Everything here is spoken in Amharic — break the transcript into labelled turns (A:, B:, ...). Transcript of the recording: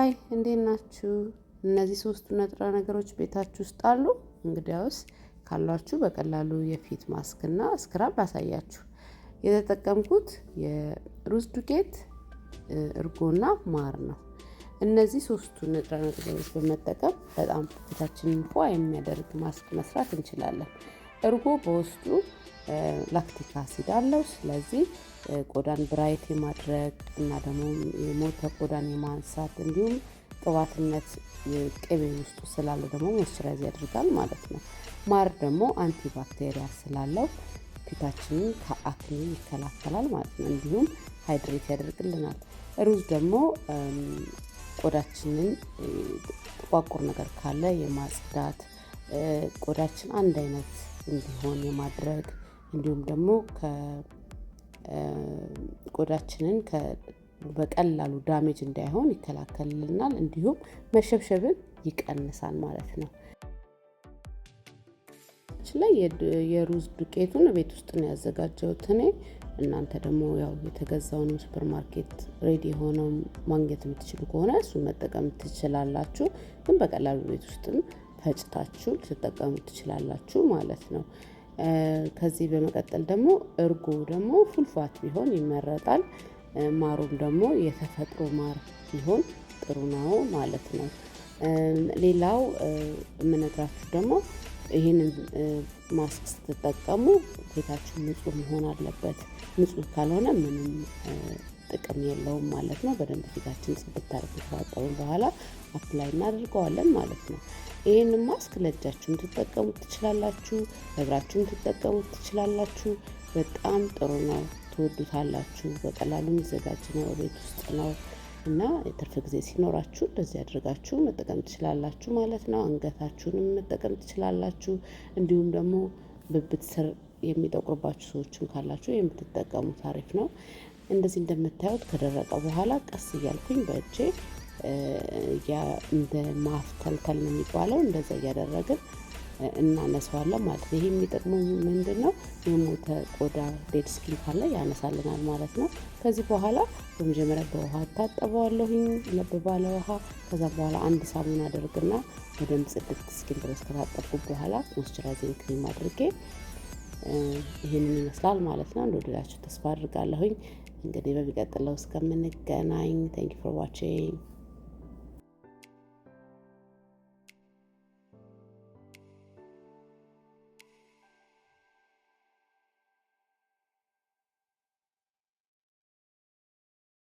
A: አይ እንዴት ናችሁ? እነዚህ ሶስቱ ንጥረ ነገሮች ቤታችሁ ውስጥ አሉ? እንግዲያውስ ካሏችሁ በቀላሉ የፊት ማስክና ስክራብ ላሳያችሁ። የተጠቀምኩት የሩዝ ዱቄት፣ እርጎና ማር ነው። እነዚህ ሶስቱ ንጥረ ነገሮች በመጠቀም በጣም ፊታችንን ፏ የሚያደርግ ማስክ መስራት እንችላለን። እርጎ በውስጡ ላክቲክ አሲድ አለው። ስለዚህ ቆዳን ብራይት የማድረግ እና ደግሞ የሞተ ቆዳን የማንሳት እንዲሁም ቅባትነት ቅቤ ውስጡ ስላለው ደግሞ ሞይስቸራይዝ ያደርጋል ማለት ነው። ማር ደግሞ አንቲባክቴሪያ ስላለው ፊታችንን ከአክኒ ይከላከላል ማለት ነው። እንዲሁም ሃይድሬት ያደርግልናል። ሩዝ ደግሞ ቆዳችንን ጥቋቁር ነገር ካለ የማጽዳት ቆዳችን አንድ አይነት እንዲሆን የማድረግ እንዲሁም ደግሞ ቆዳችንን በቀላሉ ዳሜጅ እንዳይሆን ይከላከልልናል። እንዲሁም መሸብሸብን ይቀንሳል ማለት ነው። ላይ የሩዝ ዱቄቱን ቤት ውስጥ ነው ያዘጋጀሁት እኔ። እናንተ ደግሞ ያው የተገዛውን ሱፐር ማርኬት ሬዲ የሆነው ማግኘት የምትችሉ ከሆነ እሱን መጠቀም ትችላላችሁ። ግን በቀላሉ ቤት ውስጥም ፈጭታችሁ ልትጠቀሙ ትችላላችሁ ማለት ነው። ከዚህ በመቀጠል ደግሞ እርጎ ደግሞ ፉልፋት ቢሆን ይመረጣል። ማሩም ደግሞ የተፈጥሮ ማር ቢሆን ጥሩ ነው ማለት ነው። ሌላው የምነግራችሁ ደግሞ ይህንን ማስክ ስትጠቀሙ ቤታችን ንጹህ መሆን አለበት። ንጹህ ካልሆነ ምንም ጥቅም የለውም ማለት ነው። በደንብ ፊታችን ጽድት አድርገን በኋላ አፕላይ እናደርገዋለን ማለት ነው። ይህን ማስክ ለእጃችሁም ትጠቀሙት ትችላላችሁ፣ ለእግራችሁም ትጠቀሙት ትችላላችሁ። በጣም ጥሩ ነው፣ ትወዱታላችሁ። በቀላሉ የሚዘጋጅ ነው፣ ቤት ውስጥ ነው እና የትርፍ ጊዜ ሲኖራችሁ እንደዚህ አድርጋችሁ መጠቀም ትችላላችሁ ማለት ነው። አንገታችሁንም መጠቀም ትችላላችሁ። እንዲሁም ደግሞ ብብት ስር የሚጠቁርባችሁ ሰዎችም ካላችሁ የምትጠቀሙት አሪፍ ነው። እንደዚህ እንደምታዩት ከደረቀ በኋላ ቀስ እያልኩኝ በእጄ እንደ ማፍተልተል ነው የሚባለው። እንደዛ እያደረግን እናነሳዋለን ማለት ነው። ይሄ የሚጠቅመው ምንድን ነው? የሞተ ቆዳ ዴድ ስኪን ካለ ያነሳልናል ማለት ነው። ከዚህ በኋላ በመጀመሪያ በውሃ እታጠበዋለሁኝ ለብ ባለ ውሃ። ከዛ በኋላ አንድ ሳሙን አደርግና በደንብ ጽድት ስኪን ድረስ ከታጠብኩ በኋላ ሞስቸራይዚንግ ክሪም አድርጌ ይህንን ይመስላል ማለት ነው። እንደወደዳችሁ ተስፋ አድርጋለሁኝ። እንግዲህ በሚቀጥለው እስከምንገናኝ ቴንክ ፎር ዋቺንግ